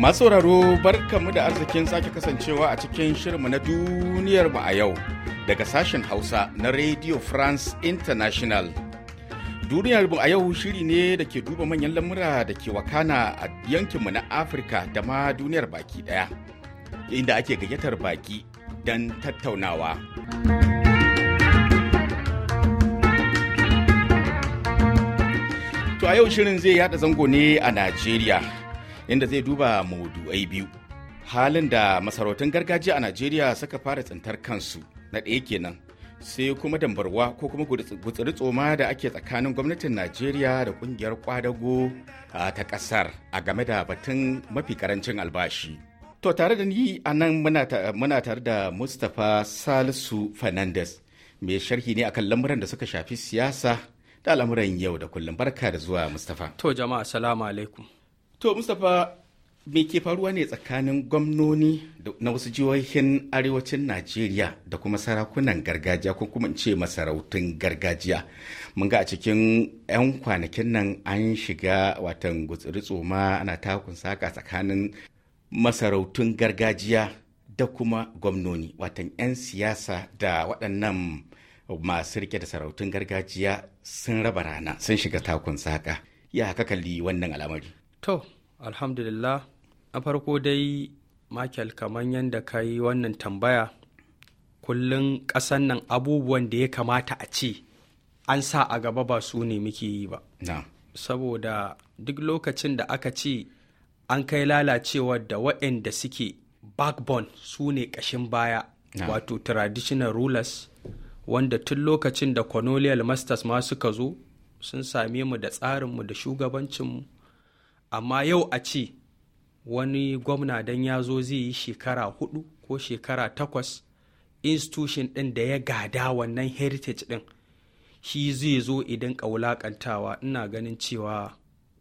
masu masauraro barkamu da arzikin sake kasancewa a cikin shirinmu na duniyar mu a yau daga sashen hausa na radio france international duniyar mu a yau shiri ne da ke duba manyan lamura da ke wakana a yankinmu na afirka da ma duniyar baki daya inda ake gayyatar baki don tattaunawa to a yau shirin zai yada zango ne a najeriya inda zai duba maudu'ai biyu halin da masarautun gargajiya a najeriya suka fara tsintar kansu na ɗaya kenan sai kuma dambarwa ko kuma gutsiri tsoma da ake tsakanin gwamnatin najeriya da kungiyar kwadago ta kasar a game da batun mafi karancin albashi to tare da ni a nan muna tare da mustapha salisu fernandez mai sharhi ne akan lamuran da suka shafi siyasa da al'amuran yau da kullum barka da zuwa mustapha to jama'a alaikum To Mustapha me ke faruwa ne tsakanin gwamnoni na wasu jihohin arewacin Najeriya da kuma sarakunan gargajiya ko kuma ce masarautun gargajiya. Mun ga a cikin 'yan kwanakin nan an shiga watan gutsiri tsoma ana takun saka tsakanin masarautun gargajiya da kuma gwamnoni watan 'yan siyasa da waɗannan masu rike da sarautun gargajiya sun raba rana sun shiga takun saka. Ya ka kalli wannan al'amari. to alhamdulillah a farko dai michael kamar yadda ka yi wannan tambaya kullum ƙasan nan abubuwan da ya kamata a ce an sa a gaba ba su ne muke yi ba saboda duk lokacin da aka ce an kai lalacewar da waɗanda suke backbone su ne ƙashin baya wato traditional rulers wanda tun lokacin da colonial masters ma suka zo sun same mu da tsarinmu da shugabancinmu amma yau a ce wani gwamna don ya zo zai yi shekara hudu ko shekara takwas institution ɗin da ya gada wannan heritage ɗin shi zai zo idan wulaƙantawa ina ganin cewa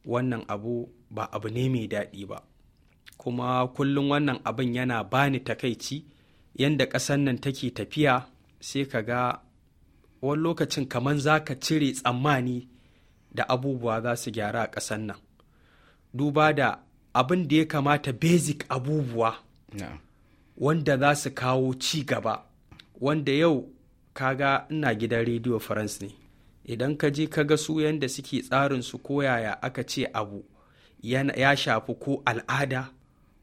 wannan abu ba abu ne mai daɗi ba kuma kullum wannan abin yana bani takaici yadda ƙasar nan take tafiya sai ka ga wani lokacin kamar za ka cire tsammani da abubuwa za su gyara a ƙasar nan duba da abin da ya kamata basic abubuwa wanda za su kawo ci gaba wanda yau kaga ina gidan rediyo france ne idan ka je ka ga su yanda suke tsarin su koyaya aka ce abu ya shafi ko al'ada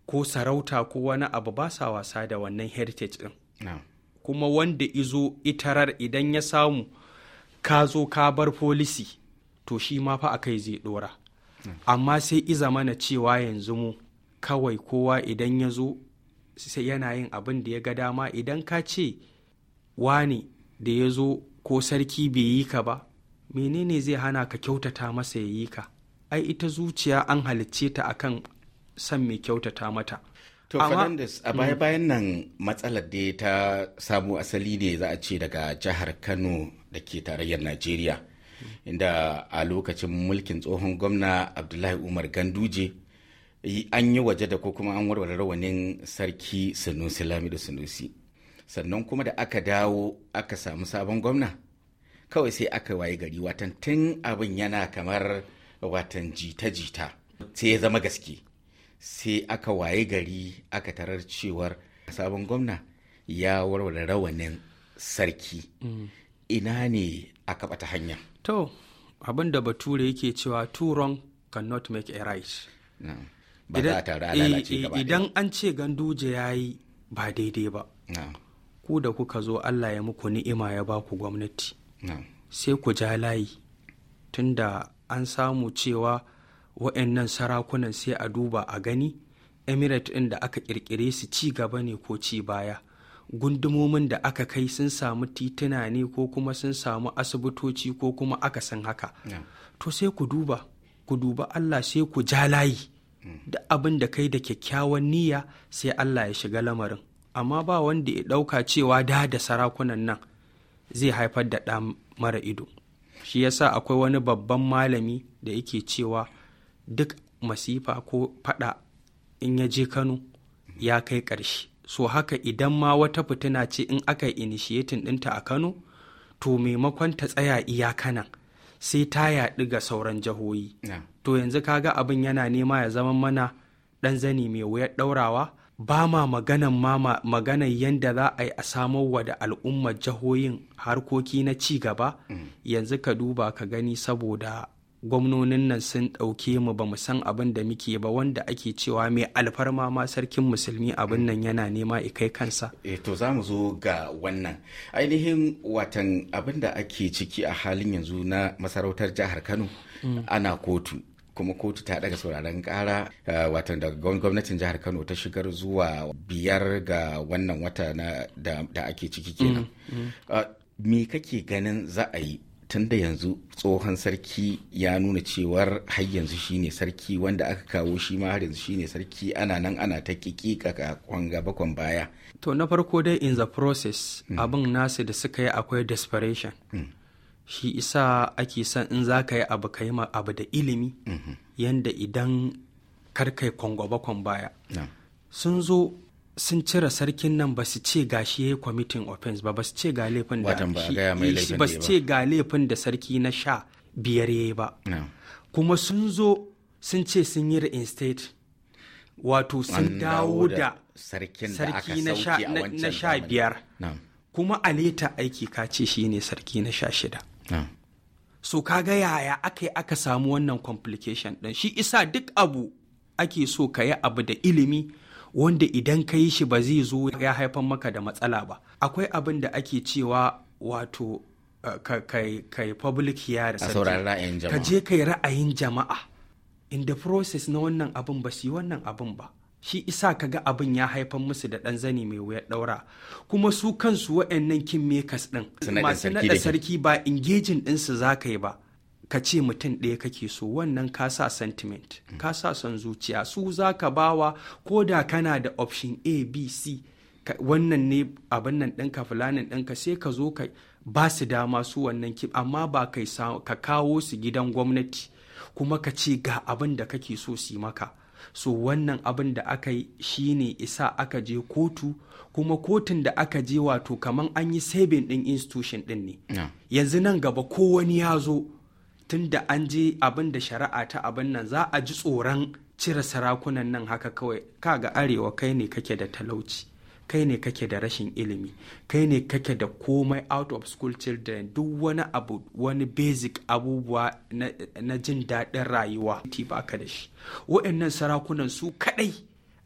ko sarauta ko wani abu ba sa wasa da wannan heritage din kuma wanda izo itarar idan ya samu ka zo ka bar folisi to shi ma fa a kai zai dora amma sai iza mana cewa yanzu mu kawai kowa idan ya zo sai yana yin abin da ya ga dama idan ka ce wani da ya zo ko sarki bai yi ka ba menene zai hana ka kyautata masa ya yi ka ai ita zuciya an halicce ta akan san mai kyautata mata To Fernandes a mm. baya-bayan nan matsalar da ta samu asali ne za a ce daga jihar Kano da ke tarayyar Najeriya. inda a lokacin mulkin tsohon gwamna abdullahi umar ganduje an yi waje da ko kuma an warware rawanin sarki sanusi lamidu sanusi sannan kuma da aka dawo aka samu sabon gwamna kawai sai aka waye gari watan tun abin yana kamar watan jita-jita sai ya zama gaske sai aka waye gari aka tarar cewar sabon gwamna ya warware rawanin sarki mm. ina ne aka bata hanya to abin da bature yake cewa two wrong cannot make a right idan an ce ganduje ya yi ba daidai ba ku da kuka zo allah ya muku ni'ima ya ba ku gwamnati sai ku ja layi tunda an samu cewa wa'annan sarakunan sai a duba a gani emirate ɗin da aka ƙirƙire su ci gaba ne ko ci baya gundumomin da aka kai sun samu tituna ne ko kuma sun samu asibitoci ko kuma aka san haka to sai ku duba ku duba Allah sai ku ja layi mm. duk abin da kai da kyakkyawan niyya sai Allah ya shiga lamarin amma ba wanda ya ɗauka cewa da da sarakunan nan zai haifar da ɗa mara ido shi yasa akwai wani babban malami da yake cewa duk masifa ko faɗa in ya je kano ya kai ƙarshe so haka idan ma wata fitina ce in aka initiating ɗinta a kano to maimakon ta tsaya iya kanan sai ta yaɗu ga sauran jihohi to yanzu kaga abin yana nema ya zama mana ɗan zani mai wuyar ɗaurawa ba ma maganan ma maganan yadda za a yi a samar wa da al'ummar jihohin harkoki na ci gaba mm. yanzu ka duba ka gani saboda gwamnonin nan sun ɗauke mu ba mu san abin da muke ba wanda ake cewa mai alfarma ma sarkin musulmi abin nan yana nema kai kansa e to za mu zo ga wannan ainihin watan abin da ake ciki a halin yanzu na masarautar jihar kano mm. ana kotu kuma kotu ta eh, daga sauraron kara watan da gwamnatin jihar kano ta shigar zuwa biyar ga wannan wata da ake ciki kenan mm, mm. Eh, me kake ganin za a yi tun da yanzu tsohon sarki ya nuna cewar har yanzu shine sarki wanda aka kawo shi ma har yanzu shine sarki ana nan ana ta kikika ka kwan gaba baya to na farko dai in the process mm. abin nasu da suka yi akwai desperation mm. shi isa ake son in za ka yi abu ka yi ma abu da ilimi mm -hmm. yanda idan karkai kwan gaba baya yeah. sun zo sun cire sarkin nan ba su ce ga shi ya yi offense ba ba su ce ga laifin da shi eh, ba su ce ga laifin da sarki na sha biyar yayi ba kuma sun zo sun ce sun yi reinstate wato sun dawo da sarki na sha biyar kuma a leta aiki ka ce shi ne sarki na sha shida so ka ga yaya aka aka samu wannan complication ɗin shi isa duk abu ake so ka yi abu da ilimi wanda idan ka yi shi ba zai zo ya haifar maka da matsala ba akwai abin da ake cewa wato eh, kai public ka je ka ra'ayin jama'a in the process na wannan abin ba su yi wannan abin ba shi isa ka ga abin ya haifar musu da ɗan zani mai wuyar ɗaura kuma su kansu wa'annan kin makers ɗin masu naɗa sarki ba engaging ɗinsu za ka yi ba ka ce mutum ɗaya kake so wannan ka sa sentiment mm. ka son zuciya su za ka bawa ko da kana da option a b c wannan ne abin nan ɗinka fulanin ɗinka sai ka zo ka ba su dama su wannan kim amma ba kai ka kawo su gidan gwamnati kuma ka ce ga abin da kake so su maka so wannan abin da aka yi shine isa aka je kotu kuma kotun da aka je wato kaman an yi sabin ɗin institution ɗin ne yanzu nan gaba ko wani ya zo Tun da an je abin da shari'a ta abin nan za a ji tsoron cire sarakunan nan haka kawai kaga arewa kai ne kake da talauci kai ne kake da rashin ilimi kai ne kake da komai out of school children duk wani abu wani basic abubuwa na, jin daɗin rayuwa ba ka da shi wa'annan sarakunan su kaɗai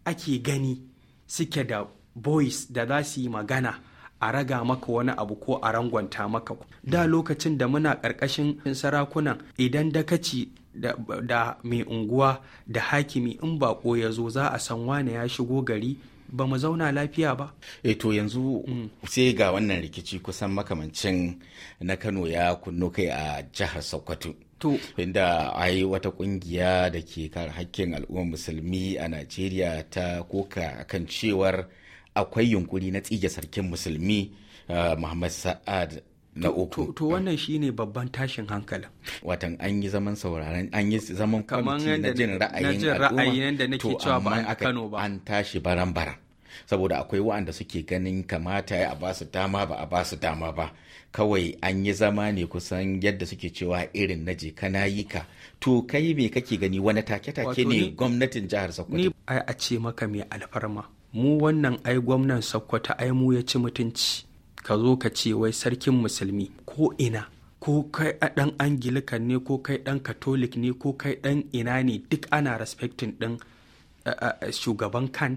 ake gani suke da boys da za su yi magana a raga maka wani abu ko a rangwanta maka da lokacin da muna ƙarƙashin sarakunan idan dakaci da, da mai unguwa da hakimi in bako ya zo za a san wane ya shigo gari ba mu zauna lafiya ba. E to yanzu mm. sai ga wannan rikici kusan makamancin na Kano ya kunno kai a jihar Sokoto. To. Inda ai wata kungiya da ke kare hakkin al'ummar musulmi a Najeriya ta koka kan cewar akwai yunkuri na tsige sarkin musulmi eh, muhammad sa'ad na uku to wannan shi ne babban tashin hankalin watan an yi zaman sauraron an yi zaman kwamiti na jin ra'ayin al'umma to amma aka an tashi baran-baran saboda akwai wa'anda suke ganin kamata a basu dama ba a basu dama ba kawai an yi zama ne kusan yadda suke cewa irin na je na yi ka to kai me kake gani wani take-take ne gwamnatin jihar sokoto ni ai a ce maka mai alfarma mu wannan ai gwamnan sokoto ai mu ya ci mutunci ka zo ka ce wai sarkin musulmi ko ina ko kai ɗan angilikan ne ko kai ɗan katolik ne ko kai ɗan ina ne duk ana respecting ɗin shugaban kan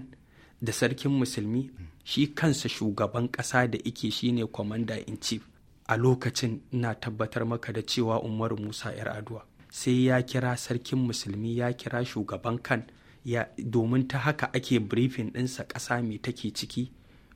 da sarkin musulmi shi kansa shugaban kasa da ike shine commander in chief a lokacin na tabbatar maka da cewa Umar musa yar aduwa sai ya kira sarkin musulmi ya kira shugaban kan ya domin ta haka ake briefing ɗinsa ƙasa mai take ciki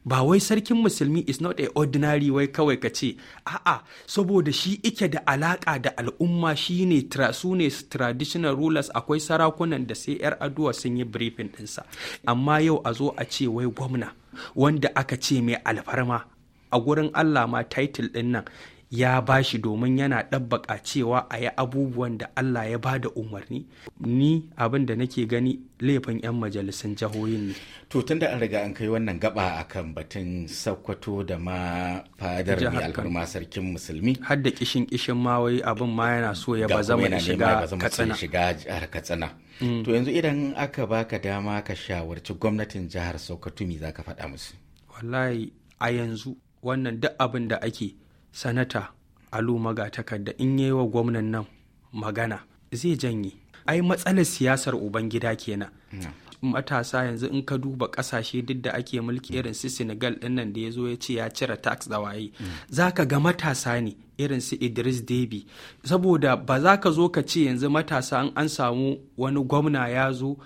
ba wai sarkin musulmi is not a ordinary wai kawai ka ce a'a saboda shi ike da alaƙa da al'umma shi ne su ne traditional rulers akwai sarakunan da sai yar aduwa sun yi briefing ɗinsa amma yau a zo a ce wai gwamna wanda aka ce mai alfarma a gurin Allah ma title ɗin nan ya ba shi domin yana ɗabbaƙa cewa a yi abubuwan da Allah ya ba da umarni ni abin da nake gani laifin 'yan majalisun jihohin ne. To tunda an riga an kai wannan gaba kan batun Sakkwato da ma fadar mai alfarma sarkin musulmi. Har da kishin kishin ma wai abin ma yana so ya ba zama ya shiga Katsina. jihar Katsina. Mm. To yanzu idan aka baka dama ka shawarci gwamnatin jihar Sokoto me zaka faɗa musu? Wallahi a yanzu wannan duk abin da ake sanata alu magatakarda in yi wa gwamnan nan magana zai janye ai matsalar siyasar ubangida kenan hmm. matasa yanzu in ka duba kasashe duk da ake mulki irin su senegal din nan da ya zo ya ce ya cire tax da waye hmm. za ka ga matasa ne irin su idris debi saboda ba za ka zo ka ce yanzu matasa an samu wani gwamna ya zo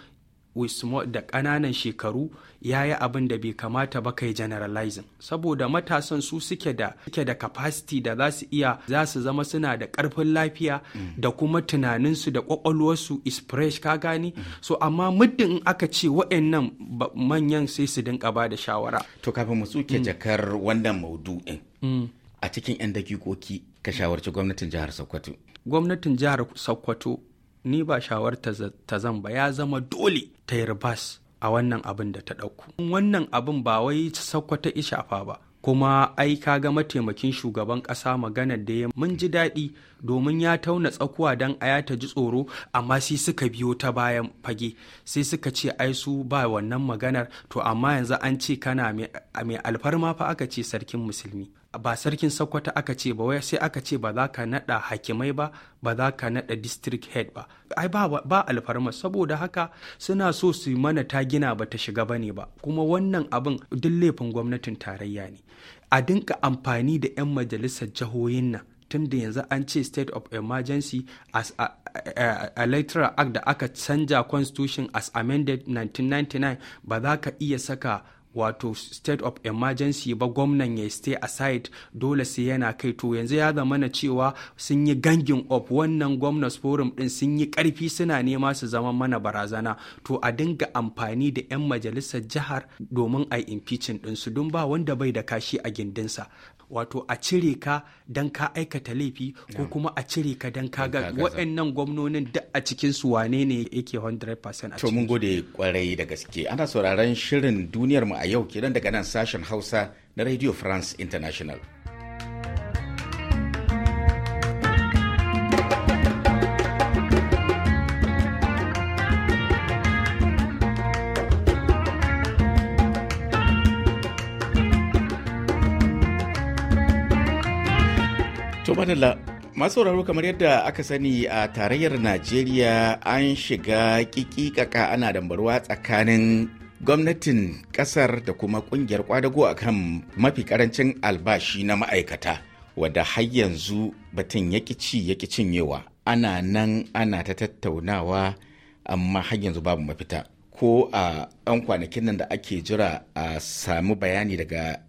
da ƙananan shekaru ya yi abin da bai kamata ba kai generalizing saboda matasan su suke da suke da capacity da za su iya za su zama suna da ƙarfin lafiya da kuma tunaninsu da ƙwaƙwalwarsu is fresh ka gani so amma muddin in aka ce wa'annan manyan sai su dinka ba da shawara to kafin mu tsuke mm. jakar wannan maudu'in mm. a cikin 'yan dakikoki ka shawarci gwamnatin jihar sokoto gwamnatin jihar sokoto ni ba shawarta ta zan ba ya zama dole ta yi ribas a wannan abin da ta ɗauku. Wannan abin ba wai sakwa ta ishafa ba, kuma ai ka ga mataimakin shugaban ƙasa magana da ya mun ji daɗi domin ya tauna tsakuwa don aya ta ji tsoro amma sai suka biyo ta bayan fage sai suka ce ai su ba wannan maganar to amma yanzu an ce kana mai alfarma fa aka ce sarkin musulmi ba sarkin sokoto aka ce ba wai sai aka ce ba za ka naɗa hakimai ba ba za ka naɗa district head ba ai ba, alfarma saboda haka suna so su yi mana ta gina ba ta shiga ba ne ba kuma wannan abin duk laifin gwamnatin tarayya ne a dinka amfani da 'yan majalisar jihohin nan tun da yanzu an ce state of emergency as electoral act da aka canja constitution as amended 1999 ba za ka iya saka wato state of emergency ba gwamnan ya stay aside dole sai yana kai to yanzu ya zama na cewa sun yi gangin up wannan gwamnas forum din sun yi karfi suna nema su zama mana barazana to a dinga amfani da 'yan majalisar jihar domin a impeaching din su don ba wanda bai da kashi a gindinsa wato a cire ka don ka aikata laifi ko kuma a cire ka don ka ga waɗannan gwamnonin duk a cikin su wane ne yake 100% a to mun gode kwarai da gaske ana sauraron shirin duniyar mu a yau kenan daga nan sashen Hausa na Radio France International. To masu sauraro kamar yadda aka sani a tarayyar Najeriya an shiga kikikaka ana dambarwa tsakanin gwamnatin kasar da kuma kungiyar kwadago a kan mafi karancin albashi na ma'aikata wadda har yanzu batun yaki ci yaki cinyewa ana nan ana ta tattaunawa amma har yanzu babu mafita ko a 'yan kwanakin nan da ake jira a sami bayani daga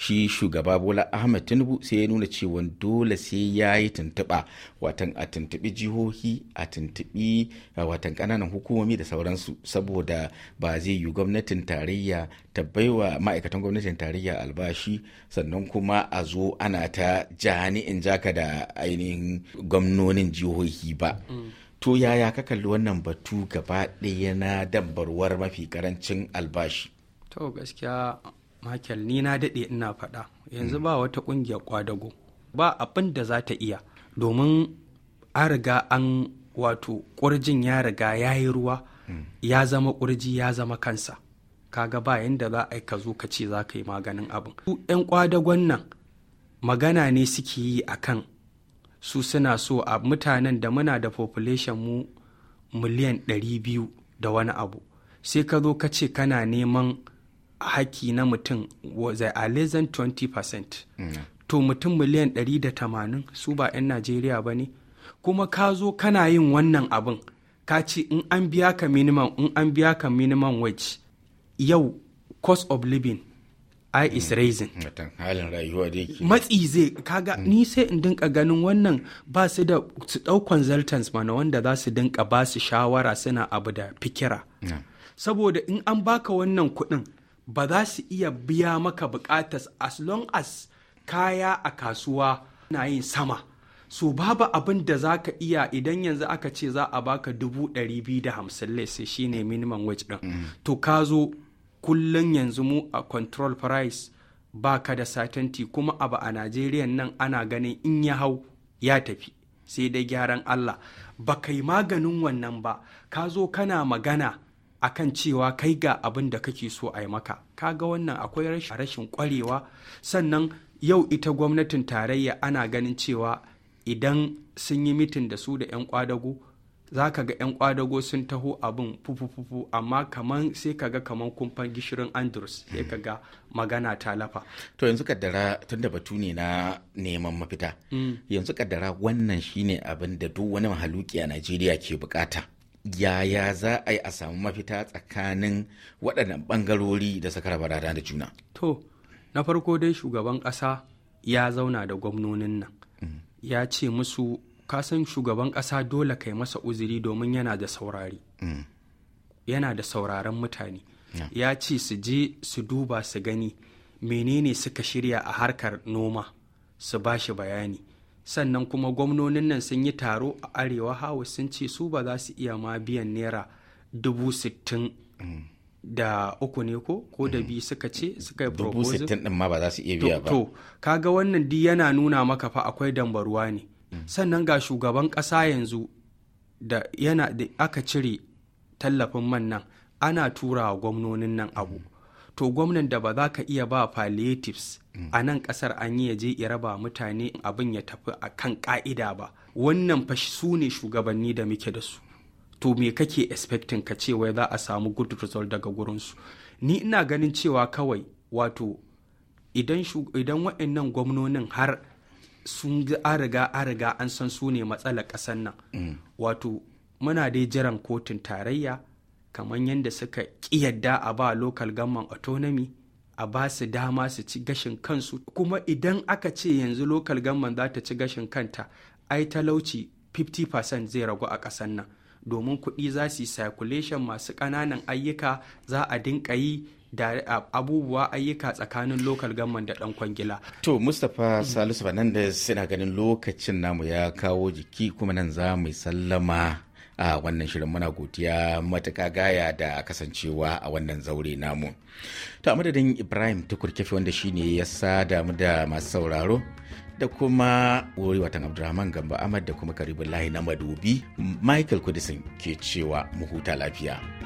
shi shugaba bola ahmed tinubu sai ya nuna cewa dole sai ya yi tuntuɓa watan a tuntuɓi jihohi a tuntuɓi watan ƙananan hukumomi da sauransu saboda ba zai yi gwamnatin tarayya ta baiwa ma'aikatan gwamnatin tarayya albashi sannan kuma a zo ana ta jani in jaka da ainihin gwamnonin jihohi ba to yaya ka kalli wannan batu gaba ɗaya na dambarwar mafi karancin albashi to gaskiya Michael ni na daɗe ina faɗa yanzu mm. ba wata ƙungiyar kwadago ba abin da za ta iya domin an riga an wato ƙurjin ya riga ya yi ruwa mm. ya zama ƙurji ya zama kansa kaga ba yanda za a yi ka zo ka ce za ka yi maganin abin su 'yan kwadagon nan magana ne suke yi a kan su suna so a mutanen da muna da population mu miliyan 200 da wani abu sai ka zo ka ce kana neman haki na mutum was a less than 20%. percent mm. To mutum miliyan 180 su ba 'yan Najeriya ba ne, kuma ka zo kana yin wannan abin, ka ce in an biya ka minimum in an biya ka minimum wage yau cost of living I is mm. raising. Matsi zai kaga mm. ni sai in dinka ganin wannan ba su da su dau consultants mana wanda za su dinka ba su shawara suna abu da fikira. Saboda in an baka wannan kuɗin ba za su iya biya maka bukatas as long as kaya a kasuwa na yin sama so babu abin da za ka iya idan yanzu aka ce za a baka dubu ɗari biyu da hamsin lese shine minimum wage ɗin mm. to ka zo kullum yanzu mu a control price ba ka da satanti kuma abu a najeriya nan ana ganin in ya hau ya tafi sai dai gyaran allah ba kai maganin wannan ba ka zo kana magana akan cewa kai ga abin da kake so a yi maka kaga wannan akwai rashin kwarewa sannan yau ita gwamnatin tarayya ana ganin cewa idan sun yi mitin da su da 'yan kwadago za ka ga 'yan kwadago sun taho abin fufufufu amma kaman sai ka ga kaman kumfan gishirin andrews sai ka ga magana ta lafa to yanzu kaddara tun da batu ne na neman mafita mm. yanzu kaddara wannan shine abin da duk wani mahaluki a najeriya ke bukata yaya za a yi a samu mafita tsakanin waɗannan ɓangarori da suka raba da juna to na farko dai shugaban ƙasa ya zauna da gwamnonin nan mm. ya ce musu kasan shugaban ƙasa dole kai masa uzuri domin yana da saurari mm. yana da sauraron mutane ya ce su je su duba su gani menene suka shirya a harkar noma su bashi bayani sannan kuma gwamnonin nan sun yi taro a arewa hawa sun ce su ba za su iya ma biyan naira dubu sittin da uku ne ko ko da biyu suka ce suka yi dubu sittin din ma ba za su iya biya ba to kaga wannan di yana nuna maka fa akwai dambaruwa ne mm. sannan ga shugaban kasa yanzu da da aka cire tallafin man nan ana turawa wa gwamnonin nan abu to gwamnan da ba za ka iya ba palliatives mm. a nan kasar an yi je ya raba mutane abin ya tafi a kan ka'ida ba wannan fa su ne shugabanni da muke da su to me kake expecting ka cewa za a samu good result daga gurinsu ni ina ganin cewa kawai wato idan wa'annan waɗannan gwamnonin har sun ariga riga an riga an san su ne matsalar ƙasar nan mm. wato muna dai jiran kotun tarayya kamar yadda suka ƙi yadda a ba local government autonomy a ba su dama su ci gashin kansu kuma idan aka ce yanzu local government za ta ci gashin kanta ai talauci 50% zai ragu a ƙasan nan domin kuɗi za su yi circulation masu ƙananan ayyuka za a dinka yi da abubuwa ayyuka tsakanin lokal gamman da ɗan kwangila. To Mustapha Salisu Fernandez suna ganin lokacin namu ya kawo jiki kuma nan za mu sallama a wannan shirin muna godiya matuka gaya da kasancewa a wannan zaure namu to madadin ibrahim tukur kefe wanda shine ya sa damu da masu sauraro da kuma wuri watan abdurrahman gamba ahmad da kuma karibin lahi na madubi michael kudisin ke cewa mu huta lafiya